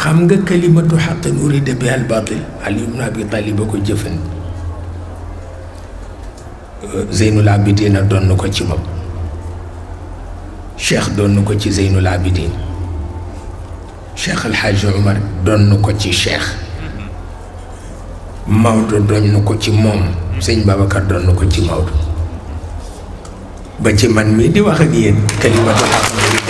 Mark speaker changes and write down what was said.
Speaker 1: xam nga kalimatu xaqin urida bi al batil ali ibn abi talib ko jëfan zeynul abidin doon ko ci moom cheikh doon ko ci zeynul abidin cheikh alxaaji omar doon ko ci cheikh mawdo doon ko ci moom sëñ babacar doon ko ci mawdo
Speaker 2: ba ci man mii di wax ak yéen kalimatu xaqin urida